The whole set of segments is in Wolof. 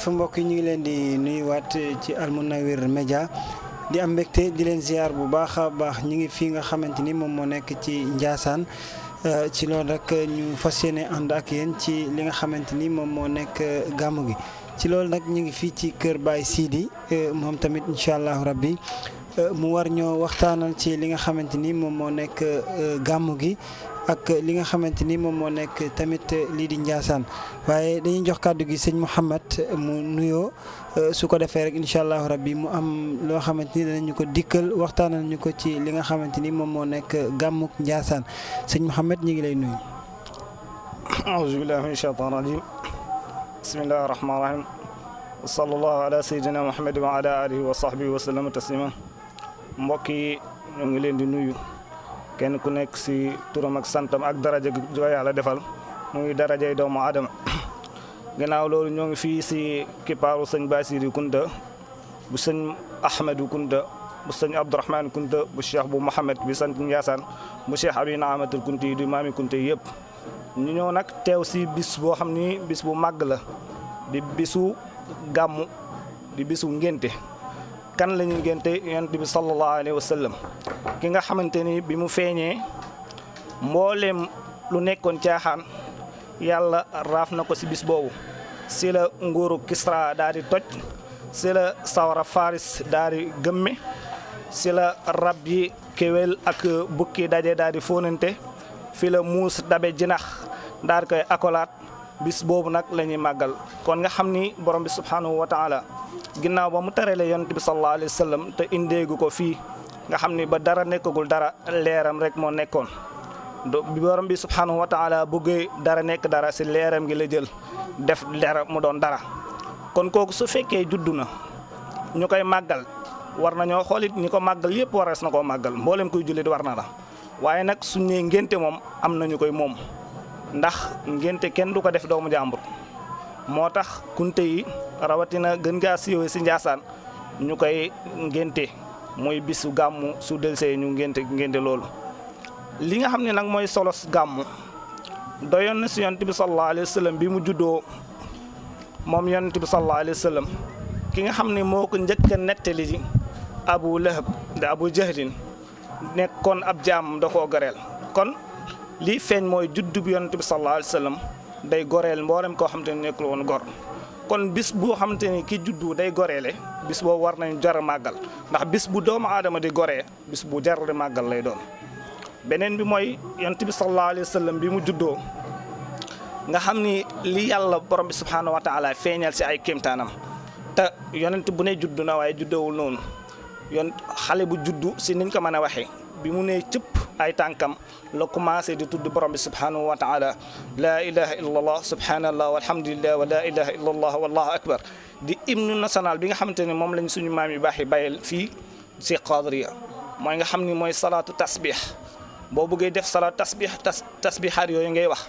fu mbokk yi ñu ngi leen di nuyuwaat ci Almunawir Média di am mbégte di leen ziar bu baax a baax ñu ngi fii nga xamante ni moom moo nekk ci Njaasaan eh, ci loolu rek ñu fas yéene ànd ak yéen ci li nga xamante ni moom moo nekk gàmmu gi ci loolu nag ñu ngi fii ci kër Baye Sidi eh, moom tamit incha allahu rabbi eh, mu war ñoo waxtaanal ci li nga xamante ni moom moo nekk gàmmu gi ak li nga xamante ni moom moo nekk tamit lii di Ndiassane waaye dañuy jox kàddu gi sëñ Mouhamed mu nuyoo euh, su ko defee rek incha allahu rabbi mu am loo xamante ni ñu ko dikkal waxtaanal ñu ko ci li nga xamante ni moom moo nekk gàmmuk Ndiassane sëñ Mouhamed ñu ngi lay nuyu. aouzu billahi min shaytaan rajim bismillahi rahmaani rahim wa sallallahu ala sayyidina Muhammad wa ala wa sahbihi wa sallam taslima mbokk yi ñu ngi leen di nuyu. kenn ku nekk si turam ak santam ak daraja jo yàlla defal muy darajay doomu aadama ginnaaw loolu ñoo ngi fii si kipaaru sëñ Bassirou Kounta bu sëñ Ahmadou Kounta bu sëñ Abdourahmane Kounta bu cheikh bu Mohamed bi sant Ndiassane bu cheikh Abi Naamatul Kounta yi du maami Kounta yi yëpp ñu ñëw nag teew si bis boo xam ni bis bu màgg la di bisu gàmmu di bisu ngénte kan lañu ngenté yent bi sallallahu alaihi wasallam sallam ki nga xamanteni bi mu feñé mbollem lu sila caaxaan yàlla raaf na ko bis bobu sila la Kisra dari toj si la Faris dari gemme sila rabbi la ak bukki dajé dari fonenté fi la dabé jinax dar koy akolat bis boobu nag lañuy màggal kon nga xam ni borom bi subhanahu wa taala ginnaaw ba mu terale yonent bi sallallahu alayhi wa sallam te indeegu ko fii nga xam ni ba dara nekkagul dara leeram rek moo nekkoon borom bi subhanahu wa taala dara nekk dara si leeram gi la jël def dara mu doon dara kon kooku su fekkee juddu na ñu koy màggal war na nañoo xoolit ñu ko màggal yëpp warees na koo màggal mboolem kuy jullit war na la waaye nag suñ ngénte moom am nañu koy moom ndax ngénte kenn du ko def doomu jàmbur moo tax kunte yi rawatina gën gaa siiwee si Njaasaan ñu koy ngénte mooy bisu gàmmu su delsee ñu ngénte ngénte loolu li nga xam ne nag mooy solos gàmmu doyoon na si yonent bi sallallahu alayhi wa bi mu juddoo moom yonent bi sallallahu alayhi wa ki nga xam ne moo ko njëkk a nettali ji abu lahab da abu jahlin nekkoon ab jaam da koo gareel kon lii feeñ mooy juddu bi yonent bi sallallahu alayhi wa day goreel mboolem koo xam te ne nekkul woon gor kon bis boo xam ni ki juddu day goreele bis boo war nañ jar a màggal ndax bis bu doomu aadama di goree bis bu jar di màggal lay doom beneen bi mooy yonent bi sallallahu alayhi wa bi mu juddoo nga xam ni li yàlla borom bi subhaanahu wa taala feeñal si ay kéemtaanam te yonent bu ne judd na waaye juddoowul noonu yoon xale bu juddu si niñ ko mën a waxee bi mu ay tànkam la commencé di tudd borom subhanahu wa taala la ilaha illallah subhanallah walhamdulillah wa la ilaha illallah wallahu akbar di imnu national bi nga xamanteni mom lañ suñu mam yu baax yi bàyyil fii qadriya moy nga xamni moy salatu tasbih bo bëggee def salatu tasbih tasbihat yoy ngay wax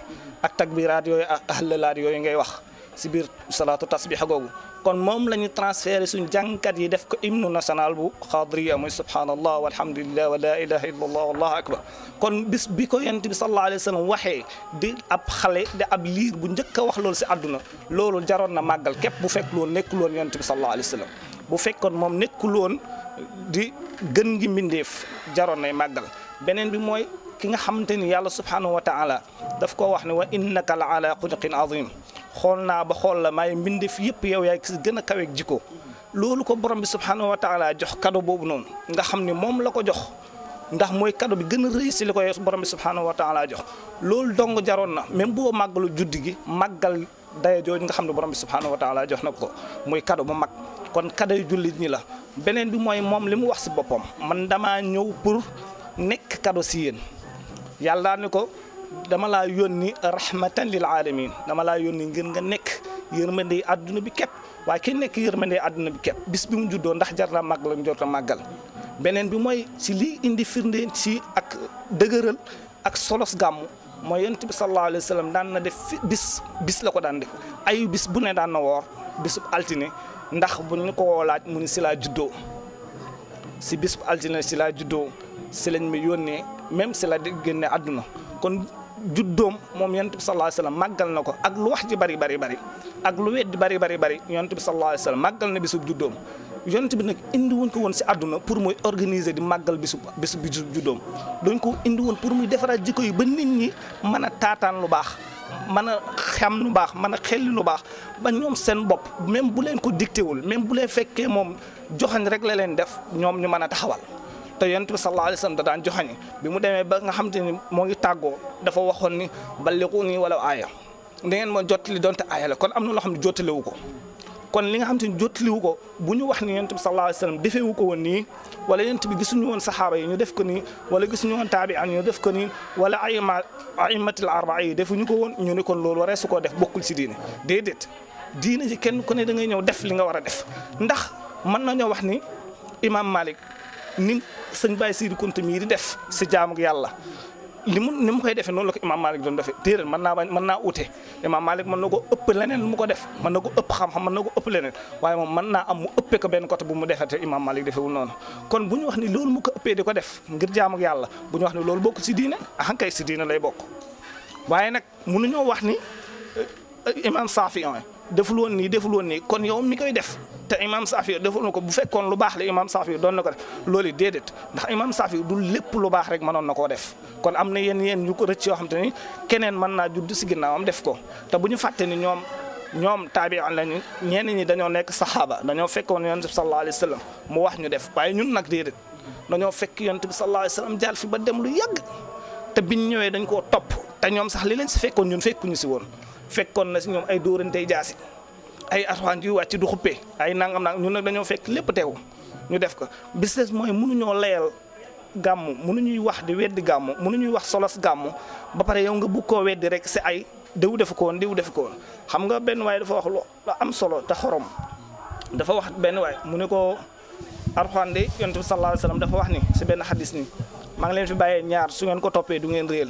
ak takbirat yoy ak ahlalaat ngay wax si biir salaatu tasbixa googu kon moom la ñu transféré suñ jàngkat yi def ko hymne national bu xaadiriya muy subhaanallah walhamdulillah wa la ilaha illa allah akbar kon bis bi ko yonent bi sallallahu alayhi wa sallam waxee di ab xale di ab liir bu njëkk wax lool si adduna loolu jaroon na màggal képp bu fekk loon nekkul woon yonent bi sallallahu alayhi wa sallam bu fekkoon moom nekkul woon di gën gi mbindeef jaroon nay màggal beneen bi mooy ki nga xamante ni yàlla subhanahu wa taala daf ko wax ne wa innaka la ala xuluqin azim xool naa ba xool la maay mbindeef yëpp yow yaay gis gën a kaweeg jikko loolu ko borom bi subhanahu wa taala jox kado boobu noonu nga xam mom la ko jox ndax moy kado bi gëna reuy ci si borom bi subhanahu wa taala jox loolu dong jaron na même bu màggalu juddi gi magal daya joj nga xam borom bi subhanahu wa taala jox nako moy kado bu mag kon kado yu ñi la benen bi moy mom limu wax ci bopom man dama ñëw pour nek kado si yéen yàlla ni ko dama laa yónni rahmatan lil alamin dama laa yónni ngir nga nekk yërmande adduna bi képp waaye ki nekk yërmande adduna bi képp bis bi mu juddoo ndax jar na màgg lañ jot a màggal beneen bi mooy si lii indi firnde si ak dëgëral ak solos gàmmu mooy yonent bi sallallahu na def bis bis la ko daan def ayu bis bu ne daan na woor bisub altine ndax bu ñu ko woolaaj mu ni si laa juddoo si bisub altine si laa juddoo si lañ ma yónnee même si la di génne àdduna kon juddoom moom yonent bi sallallahu màggal na ko ak lu wax ji bari bari bari ak lu weddi bari bari bari yonent bi sallallahu alayhi wasallam màggal na bisub juddoom yonent bi nag indi wuñ ko woon si àdduna pour muy organiser di màggal bisub bisub bi juddoom dañ ko indi woon pour muy defaraat jikko yi ba nit ñi mën a taataan lu baax mën a xam lu baax mën a xelli lu baax ba ñoom seen bopp même bu leen ko dictéwul même bu leen fekkee moom joxañ rek la leen def ñoom ñu mën a taxawal te yonent sallallahu alayhi wasallam da daan joxañi bi mu deme ba nga xamanteni mo ngi taggo dafa waxon ni balliqu wala aya da ngeen ma jottali donte aya la kon amna lo xamni xam wuko kon li nga xamanteni te wuko jottaliwu bu ñu wax ni yonent sallallahu alayhi wasallam defé wuko won ni wala yonent bi gisuñu won sahaba yi ñu def ko ni wala gisuñu won tabi'an yi ñu def ko ni wala ayma a'immatul arba'i defu ñuko won ñu ne kon lool waré su koo def bokul ci diine dedet diine ji kenn ku ne da ngay ñëw def li nga wara def ndax man nañu wax ni imam malik ni sëñ Baye Sidi Kunta mii di def si jaamu yàlla li mu ni mu koy defee noonu la ko Imaam Malik doon defee déedéet mën naa mën naa ute Imaam Malik mën na ko ëpp leneen lu mu ko def mën na ko ëpp xam-xam mën na ko ëpp leneen waaye moom man naa am mu ëppee ko benn côté bu mu defee te Imaam Malik defewul noonu kon bu ñu wax ni lool mu ko ëppee di ko def ngir jaamu yàlla bu ñu wax ni loolu bokk si diine ah kay si diine lay bokk waaye nag ñoo wax ni eh, eh, Imaam Saafi deful woon nii deful nii kon yow mi koy def te imam Safi deful na ko bu fekkoon lu baax la imam Safi doon na ko def loolu déedéet ndax imam Safi du lépp lu baax rek mënoon na koo def kon am na yéen yéen ñu ko rëcc yoo xam ni keneen mën naa judd si ginnaawam def ko te bu ñu fàtte ni ñoom ñoom taabi'an lañu ñenn ñi dañoo nekk saxaaba dañoo fekkoon yonent bi sallallahu alayhi mu wax ñu def waaye ñun nag déedéet ñoo fekk yoon bi sallallahu alayhi wa sallam jaal fi ba dem lu yàgg te biñ ñëwee dañ koo topp te ñoom sax li leen si fekkoon ñun fekkuñu si woon fekkon na ci ñoom ay dóorantey jaasi ay arwan ju wacc du xuppee ay nangam nang ñun nak dañu fekk lepp teew ñu def ko business ñoo mënuñoo gamu mënu ñuy wax di gamu mënu ñuy wax solos gamu ba pare yow nga bu ko wedd rek si ay diw def ko woon def ko xam nga ben way dafa wax lo am solo ta xorom dafa wax ben way mu ne ko arwan de yonent sallallahu alaihi wasallam dafa wax ni ci ben hadith ni ma ngi leen fi baye ñaar su ngeen ko topé du ngeen reel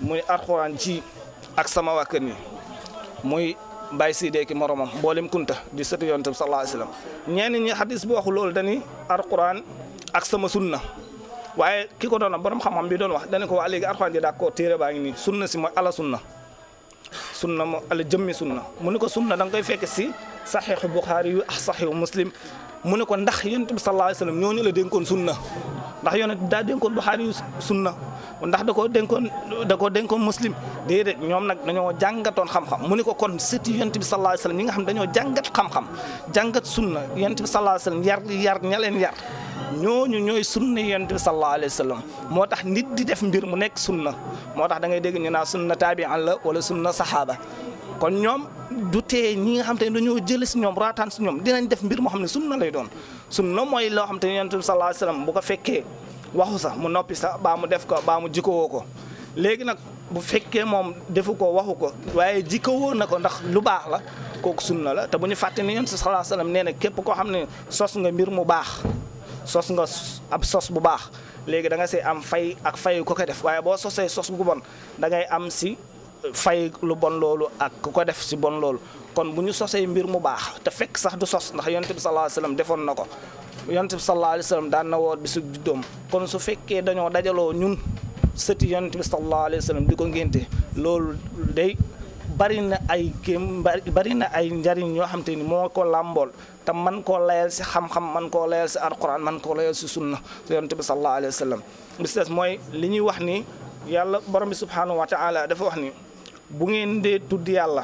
muy arxuraan ci ak sama wakani mooy muy si Sidé ki moromam mboolem Kunta di sëtu yonent bi sallallahu alayhi wasallam ñenn ñi xadis bu lool loolu dañuy alquran ak sama sunna waaye ki ko doon am borom xam-xam bi doon wax dañu ko waa léegi alquran ji d'accord téere baa ngi nii sunna si mooy ala sunna sunna mo ala jëmmi sunna mu ne ko sunna da nga koy fekk si saxiixu Buxaari yu ak saxiixu Muslim mu ne ko ndax yonent bi sallallahu alayhi wasallam ñooñu la dénkoon sunna ndax yonent daa dénkoon Buxaari yu sunna ndax da koo dénkoon da koo dénkoon muslim déedéet ñoom nag dañoo jàngatoon xam-xam mu ni ko kon surtout yonent bi sallallahu alayhi wasallam ñi nga xam dañoo jàngat xam-xam jàngat sunna yonent bi sallallahu alayhi wasallam yar yar ña leen yar ñooñu ñooy sunna yonent bi sallallahu alayhi wasallam moo tax nit di def mbir mu nekk sunna moo tax da ngay dégg ñu naa sunna taabi'an la wala sunna saxaaba kon ñoom du tee ñi nga xam te ne dañoo jëlee si ñoom raataan si ñoom dinañ def mbir moo xam ne sunna lay doon sunna mooy loo xam te ne yonent bi sallallahu alayhi wasallam bu ko fekkee waxu sax mu noppi sax baa mu def ko baa mu jikkowoo ko léegi nag bu fekkee moom defu ko waxu ko waaye jikkowoo na ko ndax lu baax la kooku sunna la te bu ñu fàtte ni yonent bi sallallahu alayhi nee na képp koo xam ne sos nga mbir mu baax sos nga ab sos bu baax léegi da nga see am fay ak fay ko ko def waaye boo sosee sos gu bon da ngay am si fay lu bon loolu ak ku ko def si bon loolu kon bu ñu sosee mbir mu baax te fekk sax du sos ndax yonent bi sallallahu alayhi wasallam defoon na ko yonent bi sallallahu alayhi wasallam na woor bi kon su fekkee dañoo dajaloo ñun sëti yonent bi sallallahu alayhi wasallam di ko ngénte loolu day bari na ay kéem bari na ay njariñ ñoo xam te ni moo ko làmbool te man koo layal si xam-xam man koo layal si alquran man koo layal si sunna yonent bi sallallahu alayhi wasallam mooy li ñuy wax ni yàlla borom bi subhanahu wa dafa wax ni bu ngeen dee tudd yàlla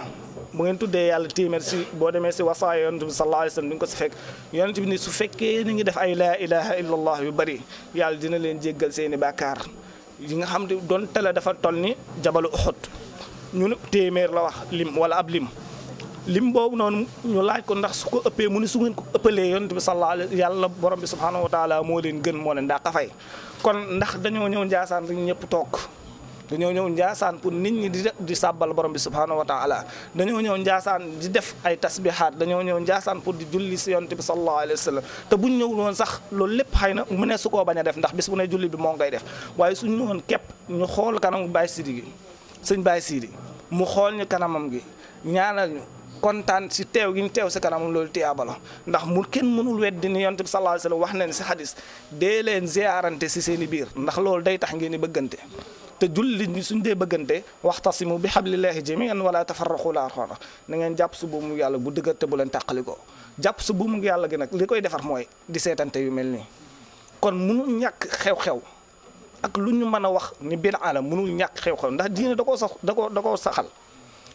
bu ngeen tuddee yàlla téeméer si boo demee si wasaaya yonent bi sallallahu alayhi di nga ko si fekk yonent bi ni su fekkee ni ngi def ay laa ilaha illallah yu bari yàlla dina leen jéggal seeni baakaar yi nga xam ne doon tele dafa toll ni jabalu uxut ñu ne téeméer la wax lim wala ab lim lim boobu noonu ñu laaj ko ndax su ko ëppee mu ni su ngeen ko ëppalee yonent bi sallallahu alayhi yàlla borom bi subhanahu wa taala moo leen gën moo leen daa xafay kon ndax dañoo ñëw njaasaan rek ñëpp toog dañoo ñew njaasaan pour nit ñi di di sàbbal borom bi subhanahu wa taala dañoo ñew njaasaan di def ay tasbihat dañoo ñew njaasaan pour di julli si yonte bi sallallahu alayhi wasallam te buñ ñew woon sax loolu lepp hayna mu ne su ko baña def ndax bis bu ne julli bi mo ngay def waaye suñ ñëwoon kep ñu xool kanamu Baye Sidi gi sëñ Baye Sidi mu xol ñu kanamam gi ñaanal ñu kontan si tew gi ñu tew si kanam loolu tiyaba la ndax mu ken mënul wedd ni yonte bi sallallahu alayhi wasallam wax nañ ci hadith de len ziyaarante ci seen biir ndax loolu day tax ngeen ni bëggante te jullit ñi suñ dee bëggante waxtasimu bi hablillahi jami'an wala tafarraqu laa xoona na ngeen jàpp su buumu yàlla bu dëgër te bu leen tàqalikoo jàpp su buumu yàlla gi nag li koy defar mooy di seetante yu mel nii kon mënul ñàkk xew-xew ak lu ñu mën a wax ni bin alam mënul ñàkk xew-xew ndax diine da koo sax da da koo saxal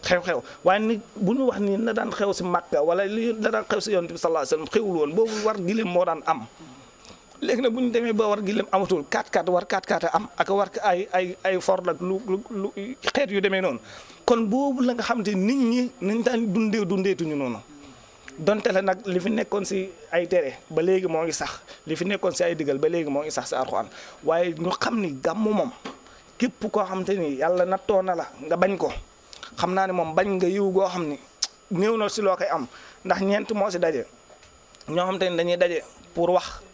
xew-xew waaye ni bu ñu wax ni na daan xew si Màkka wala li la daan xew si yonent bi sallallahu alayhi boobu war gileem moo daan am léegi nag bu ñu demee ba war gi lem amatul 4-4 war 4-4 am aka war ay ay ay Ford ak lu xeet yu demee noonu kon boobu la nga xam ni nit ñi nañ daan dundee dundeetuñu noonu donte la nag li fi nekkoon si ay tere ba léegi moo ngi sax li fi nekkoon si ay digal ba léegi moo ngi sax si Alxuraan waaye ñu xam ni gàmmu moom képp koo xam ni yàlla nattoo na la nga bañ ko xam naa ne moom bañ nga yiw goo xam ni néew na si loo koy am ndax ñeent moo si daje ñoo xam te dañuy daje pour wax.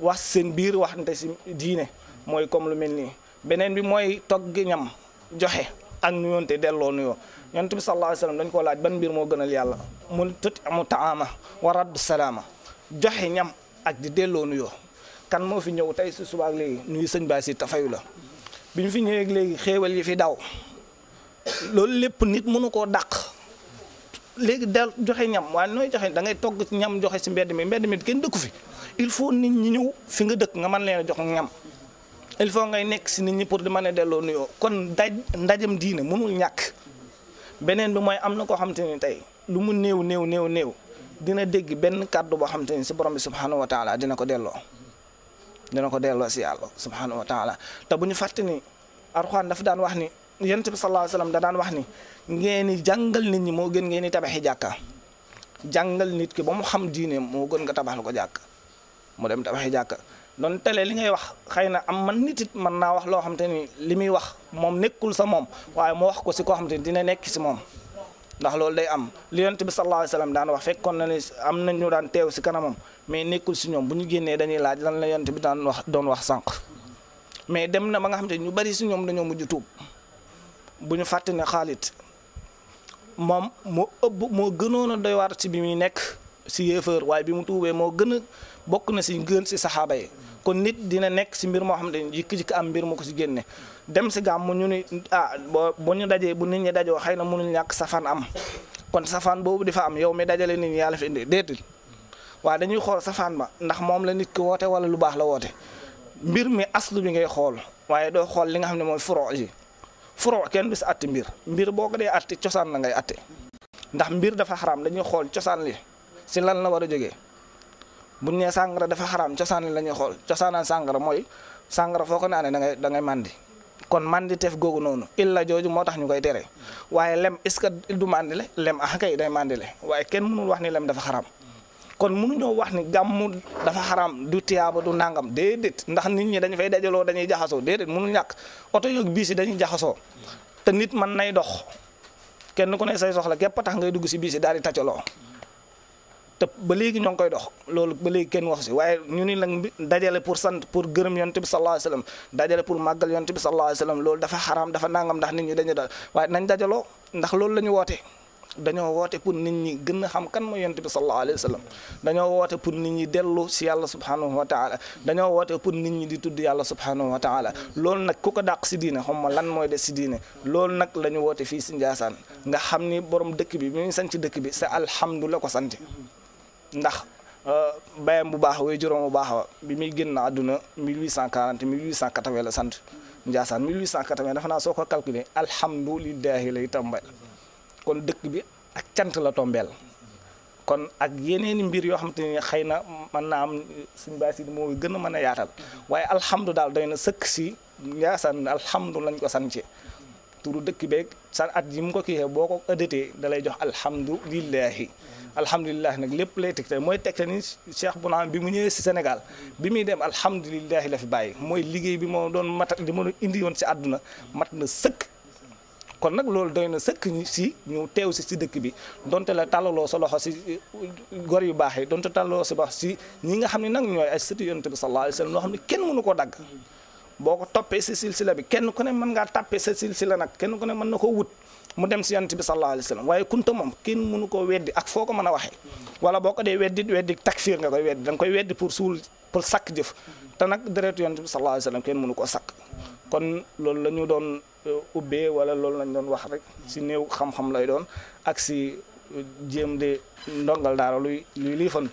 wax seen biir nte ci diine moy comme lu melni benen beneen bi mooy togg ñam joxe ak nuyonté delo nuyo yonent bi sallallahu alayhi wasallam dañ ko laaj ban biir mo gënal yalla mun tut amu taama wa rad salama joxe ñam ak di delo nuyo kan mo fi ñew tay su suba ak legi nuyu señ baay si tafayu la biñ fi ak legi xéewal yi fi daw lol lepp nit mënu ko dak legi del joxe ñam wa noy joxe da ngay togg ñam joxe ci mbéd mi mbéd mi kenn dekk fi il faut nit ñi ñëw fi nga dëkk nga man leena jox ngam il faut ngay nekk si nit ñi pour di mané délo nuyo kon daj ndajam diiné mënul ñak benen bi moy amna ko xamanteni tay lu mu neew neew neew neew dina dégg ben kàddu bo xamanteni ci borom bi subhanahu wa taala dina ko délo dina ko délo si yalla subhanahu wa taala ta buñu fatte ni arxuaan dafa daan wax ni yantabi sallallahu alayhi wasallam da daan wax ni ngeen jangal nit ñi mo gën ngeen tabahi jàkka jangal nit ki bamu xam diine mo gën nga tabaxal ko jàkka mu dem tabaxi jàkka doon tele li ngay wax xëy na am man nit it mën naa wax loo xam te ni li muy wax moom nekkul sa moom waaye mu wax ko si koo xam te dina nekk si moom ndax loolu day am li yonent bi sallallahu alayhi wasallam daan wax fekkoon na ni am na ñu daan teew si kanamam mais nekkul si ñoom bu ñu génnee dañuy laaj lan la yant bi daan wax doon wax sànq mais dem na ba nga xam te ñu bari si ñoom dañoo mujj tuub bu ñu fàtte ne xaalit moom mu ëpp moo gënoon a doy waar si bi muy nekk si yéefar waaye bi mu tuubee moo gën a bokku na si ngeen si sahaba yi kon nit dina nek ci mbir mo xamne jik jik am mbir mu ko dem si gam ñu ni ah bo ñu dajé bu nit ñi dajé xëy na mënuñ safan am kon safan bobu di fa am yow mi dajalé nit ñi yalla fi indi déetul wa dañuy xol safan ba ndax mom la nit ki woote wala lu bax la woote mbir mi aslu bi ngay xol waye do xol li nga xamne moy furo ji furo ken bis si atti mbir mbir boko ko dee atti cosaan la ngay atte ndax mbir dafa haram dañuy xol ciosan li ci lan la wara jogé bu ñu nee sàngara dafa xaraam cosaan lañuy xool cosaanal sàngara mooy sàngara foo ko ne da ngay da màndi kon màndi teef googu noonu la jooju moo tax ñu koy tere waaye lem est-ce que du màndi le lem ah yi day màndi le waaye kenn mënul wax ni lem dafa xaram kon mënuñoo wax ni gàmmu dafa xaram du tiyaaba du nangam déedéet ndax nit ñi dañu fay dajaloo dañuy jaxasoo déedéet mënul ñàkk oto yoog biis yi dañuy jaxasoo te nit mën nay dox kenn ku ne say soxla képp tax ngay dugg si biis yi daal di tacaloo te ba léegi ñoo ngi koy dox loolu ba léegi kenn wax si waaye ñu ni nag dajale pour sant pour gërëm yonent bi sallallahu alayhi wasallam dajale pour màggal yonent bi sallallahu alayhi wasallam loolu dafa xaraam dafa nangam ndax nit ñi dañu dal waaye nañ dajaloo ndax loolu la ñu woote dañoo woote pour nit ñi gën a xam kan mooy yonent bi sallallahu alayhi wasallam dañoo woote pour nit ñi dellu si yàlla subhanahu wa taala dañoo woote pour nit ñi di tudd yàlla subhanahu wa taala loolu nag ku ko dàq si diine xam ma lan mooy des si diine loolu nag la ñu woote fii si Njaasaan nga xam ni borom dëkk bi mi ngi sant dëkk bi c'est alhamdu la ko sant ndax euh, bayam bu baax way juróom bu baax wa bi muy génn àdduna 1840 1880 la sant Ndiassane 1880 dafa naa soo ko calculé alhamdulilahi lay tombeel kon dëkk bi ak cant la tombeel kon ak yeneeni mbir yoo xam te ne xëy na mën naa am suñ baay si moo gën a mën a yaatal waaye alhamdu daal doy na sëkk si Ndiassane alhamdu lañ ko sance turu dëkk beeg sar at yi mu ko kiixee boo ko ëddatee da lay jox alhamdulilahi alhamdulilahi nag lépp lay tegtal mooy tegtal ni bu naan bi mu ñëwee si Sénégal bi muy dem alhamdulilahi la fi bàyyi mooy liggéey bi moo doon mat di mën indi woon si àdduna mat na sëkk kon nag loolu doy na sëkk si ñu teew si si dëkk bi donte la tàllaloo sa loxo si uh, gor yu baax yi donte tàllaloo sa loxo si ñi nga xam ne nag ñooy ay sëti yonent bi sallallahu alayhi wa sallam loo mënu koo dagg boo ko toppee sa la bi kenn ku ne mën ngaa tàppee sa la nag kenn ku ne mën na ko wut mu dem si yonent bi sallallahu alayhi wa sallam waaye kunta moom kenn mënu koo weddi ak foo ko mën a waxee wala boo ko dee weddi weddi takfir nga koy weddi da nga koy weddi pour nag deretu yonent bi sallallahu alayhi wa sallam kenn mënu koo sakk kon loolu la ñu doon uh, ubbee wala loolu lañ doon wax rek si néew xam lay doon ak si uh, jéem de ndongal daara luy luy kon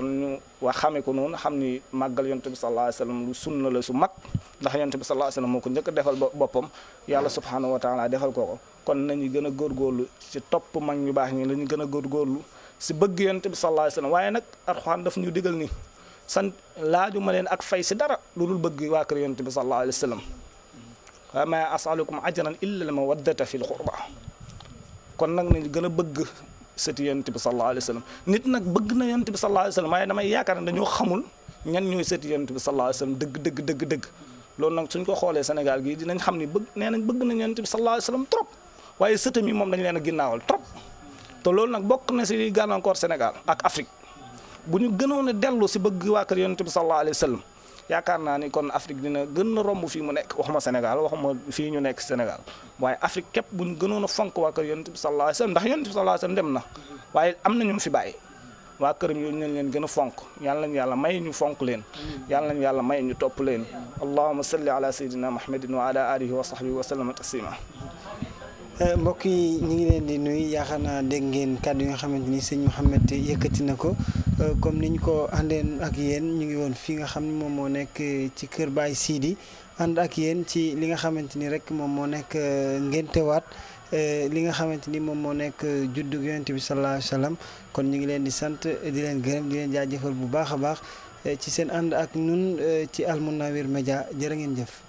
ñu wax xamee ko noonu xam ni màggal yonent bi sallallahu alayhi wa sallam lu la su mag ndax yonent bi sallallahu alayhi wasallam moo ko njëkk defal boppam yàlla subhaanahu wa taala defal ko ko kon nañu gën a góorgóorlu ci topp mag ñu baax ñi la ñu gën a góorgóorlu si bëgg yonent bi sallallahu alayhi wasallam waaye nag Alxuraan daf ñu digal ni sant laaju ma leen ak fay si dara lu dul bëgg waa kër yonent bi sallallahu alayhi wasallam wa ma asalukum ajran illa al mawaddata fil qurba kon nag nañu gën a bëgg sëti yonent bi sallallahu alayhi wasallam nit nag bëgg na yonent bi sallallahu alayhi wasallam waaye damay yaakaar ne dañoo xamul ñan ñooy sëti yonent bi sallallahu alayhi wasallam dëgg dëgg dëgg dëgg loolu nag suñ ko xoolee Sénégal gi dinañ xam ni bëgg nee nañ bëgg nañ yonent bi sallallahu alayhi wasallam trop waaye sëtam yi moom dañ leen a ginnaawal trop te loolu nag bokk na si gàllankoor Sénégal ak Afrique bu ñu gënoon a dellu si bëgg waa kër yonent bi sallallahu alayhi wasallam yaakaar naa ni kon Afrique dina gën a romb fii mu nekk waxuma Sénégal waxuma fii ñu nekk Sénégal waaye Afrique képp bu ñu gënoon a fonk waa kër yonent bi sallallahu alayhi wasallam ndax yonent bi sallallahu alayhi wasallam dem na waaye am na ñu fi bàyyi waa këram yooyu nañ leen gën a fonk yàlla nañu yàlla may ñu fonk leen yàlla nañu yàlla may ñu topp leen allahuma salli ala sayidina muhammadin wa ala alihi wa sahbihi wa sallama taslima eh, mbokk yi ñu ngi leen di nuyu yaakaar naa dégg ngeen kàddu yi nga xamante ni sëñ Mouhamed yëkkati na ko eh, comme ni ñu ko àndeen ak yéen ñu ngi woon fii nga xam ni moom moo nekk eh, ci kër Baye Sidi ànd ak yéen ci li nga xamante ni rek moom moo nekk ngéntewaat Eh, li nga xamante ni moom moo nekk eh, juddug yonent bi sallallahu wa sallam kon ñu ngi leen di sant eh, di leen gërëm di leen jaajëfal bu baax a baax ci seen ànd ak ñun ci Al Mounawir Media jërë ngeen jëf.